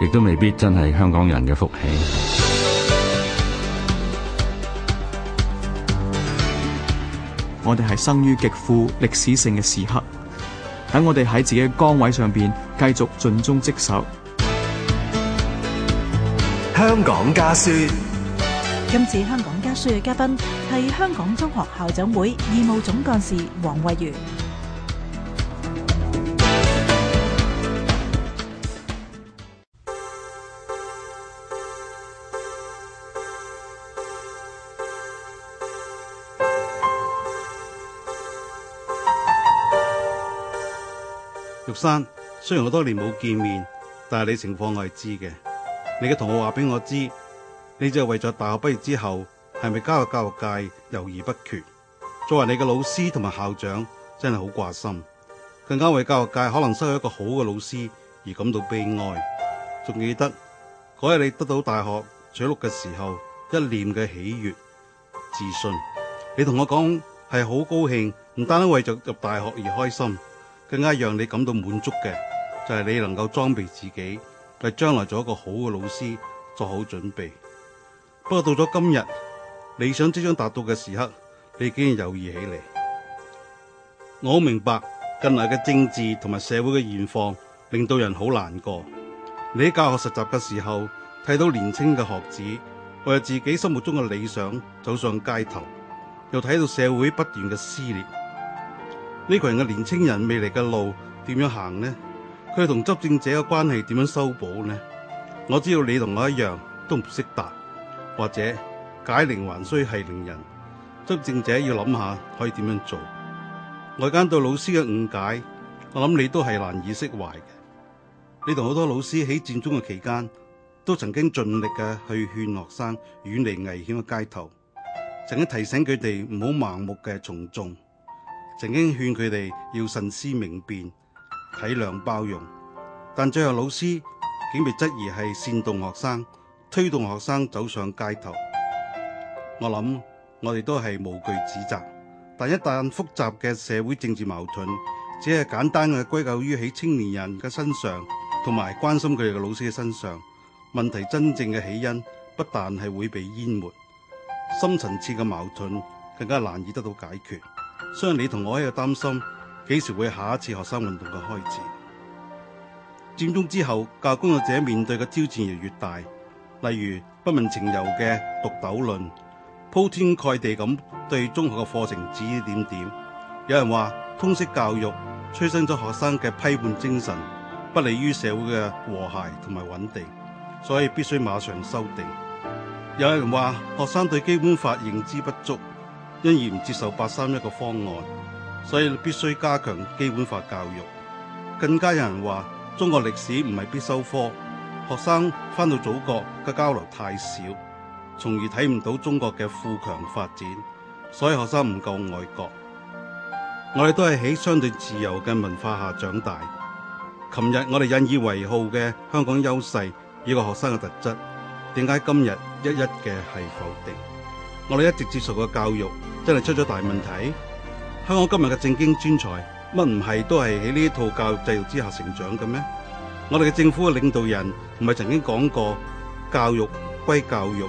亦都未必真係香港人嘅福氣。我哋係生於極富歷史性嘅時刻，等我哋喺自己嘅崗位上邊繼續盡忠職守。香港家書。今次香港家書嘅嘉賓係香港中學校長會義務總幹事黃謂儒。玉生，雖然我多年冇見面，但係你情況我係知嘅。你嘅同學話俾我知，你就為咗大學畢業之後係咪加入教育界猶豫不決。作為你嘅老師同埋校長，真係好掛心，更加為教育界可能失去一個好嘅老師而感到悲哀。仲記得嗰日你得到大學取錄嘅時候，一念嘅喜悅、自信，你同我講係好高興，唔單為咗入大學而開心。更加讓你感到滿足嘅，就係你能夠裝備自己，為將來做一個好嘅老師做好準備。不過到咗今日，理想即將達到嘅時刻，你已經猶豫起嚟。我明白近來嘅政治同埋社會嘅現況，令到人好難過。你喺教學實習嘅時候，睇到年輕嘅學子為自己心目中嘅理想走上街頭，又睇到社會不斷嘅撕裂。呢群人嘅年青人未來嘅路點樣行呢？佢同執政者嘅關係點樣修補呢？我知道你同我一樣都唔識答，或者解鈴還需繫鈴人，執政者要諗下可以點樣做。外間對老師嘅誤解，我諗你都係難以釋懷嘅。你同好多老師喺戰中嘅期間，都曾經盡力嘅去勸學生遠離危險嘅街頭，曾經提醒佢哋唔好盲目嘅從眾。曾經勸佢哋要慎思明辨、體諒包容，但最後老師竟被質疑係煽動學生、推動學生走上街頭。我諗我哋都係無懼指責，但一旦複雜嘅社會政治矛盾只係簡單嘅歸咎於喺青年人嘅身上，同埋關心佢哋嘅老師嘅身上，問題真正嘅起因不但係會被淹沒，深層次嘅矛盾更加難以得到解決。相信你同我喺度擔心幾時會下一次學生運動嘅開始？佔中之後教育工作者面對嘅挑戰越越大，例如不問情由嘅讀斗論鋪天蓋地咁對中學嘅課程指指點點，有人話通識教育催生咗學生嘅批判精神，不利於社會嘅和諧同埋穩定，所以必須馬上修訂，有人話學生對基本法認知不足。因而唔接受八三一嘅方案，所以必須加強基本法教育。更加有人話中國歷史唔係必修科，學生翻到祖國嘅交流太少，從而睇唔到中國嘅富強發展，所以學生唔夠愛國。我哋都係喺相對自由嘅文化下長大。琴日我哋引以為豪嘅香港優勢，呢個學生嘅特質，點解今日一一嘅係否定？我哋一直接受嘅教育真係出咗大問題。香港今日嘅政經專才，乜唔係都係喺呢一套教育制度之下成長嘅咩？我哋嘅政府嘅領導人唔係曾經講過教育歸教育，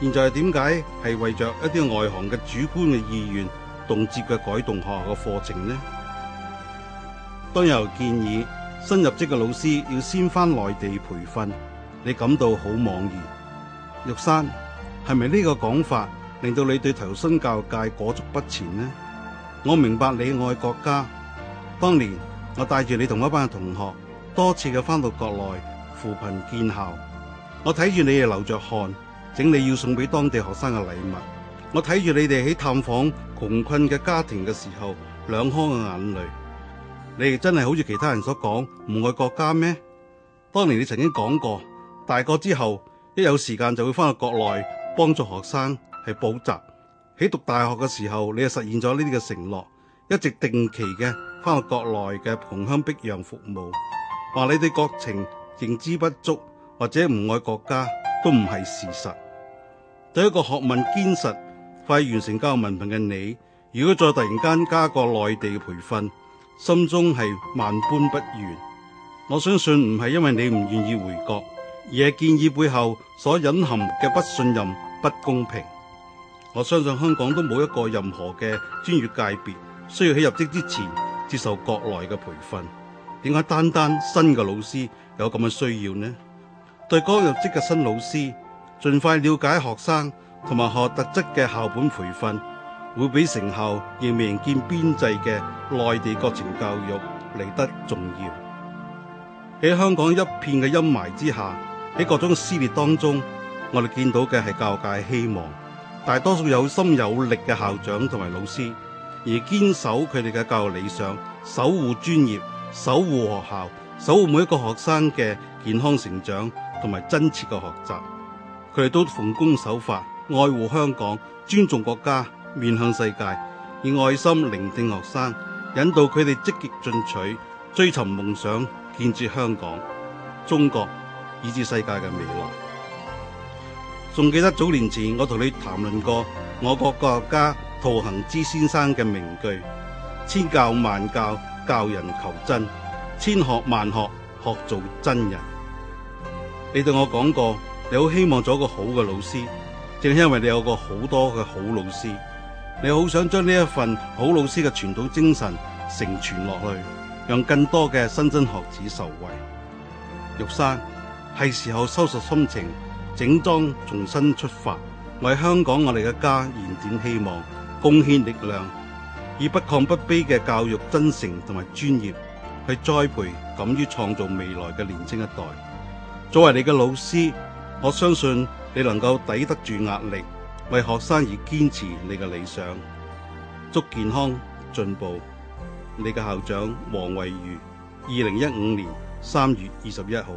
現在點解係為着一啲外行嘅主觀嘅意願，動輒嘅改動學校嘅課程呢？當有建議新入職嘅老師要先翻內地培訓，你感到好惘然。玉山，係咪呢個講法？令到你對投身教育界裹足不前呢？我明白你愛國家。當年我帶住你同一班同學多次嘅翻到國內扶貧建校，我睇住你哋流着汗整理要送俾當地學生嘅禮物，我睇住你哋喺探訪窮困嘅家庭嘅時候兩眶嘅眼淚。你哋真係好似其他人所講唔愛國家咩？當年你曾經講過，大個之後一有時間就會翻到國內幫助學生。係補習喺讀大學嘅時候，你就實現咗呢啲嘅承諾，一直定期嘅翻到國內嘅同鄉碧陽服務。話你哋國情認知不足或者唔愛國家，都唔係事實。對一個學問堅實、快完成教育文憑嘅你，如果再突然間加個內地嘅培訓，心中係萬般不願。我相信唔係因為你唔願意回國，而係建議背後所隱含嘅不信任、不公平。我相信香港都冇一個任何嘅專業界別需要喺入職之前接受國內嘅培訓。點解單單新嘅老師有咁嘅需要呢？對剛入職嘅新老師，盡快了解學生同埋學特質嘅校本培訓，會比成效仍未見邊際嘅內地國情教育嚟得重要。喺香港一片嘅陰霾之下，喺各種撕裂當中，我哋見到嘅係教界希望。大多數有心有力嘅校長同埋老師，而堅守佢哋嘅教育理想，守護專業，守護學校，守護每一個學生嘅健康成長同埋真切嘅學習。佢哋都奉公守法，愛護香港，尊重國家，面向世界，以愛心聆聽學生，引導佢哋積極進取，追尋夢想，建設香港、中國以至世界嘅未來。仲記得早年前我同你談論過我國國家陶行知先生嘅名句：千教萬教教人求真，千學萬學學做真人。你對我講過，你好希望做一個好嘅老師，正因為你有個好多嘅好老師，你好想將呢一份好老師嘅傳統精神承傳落去，讓更多嘅莘莘學子受惠。玉山，係時候收拾心情。整裝重新出發，為香港我哋嘅家延展希望，貢獻力量，以不亢不卑嘅教育真誠同埋專業，去栽培敢於創造未來嘅年輕一代。作為你嘅老師，我相信你能夠抵得住壓力，為學生而堅持你嘅理想，祝健康進步。你嘅校長黃謂儒，二零一五年三月二十一號。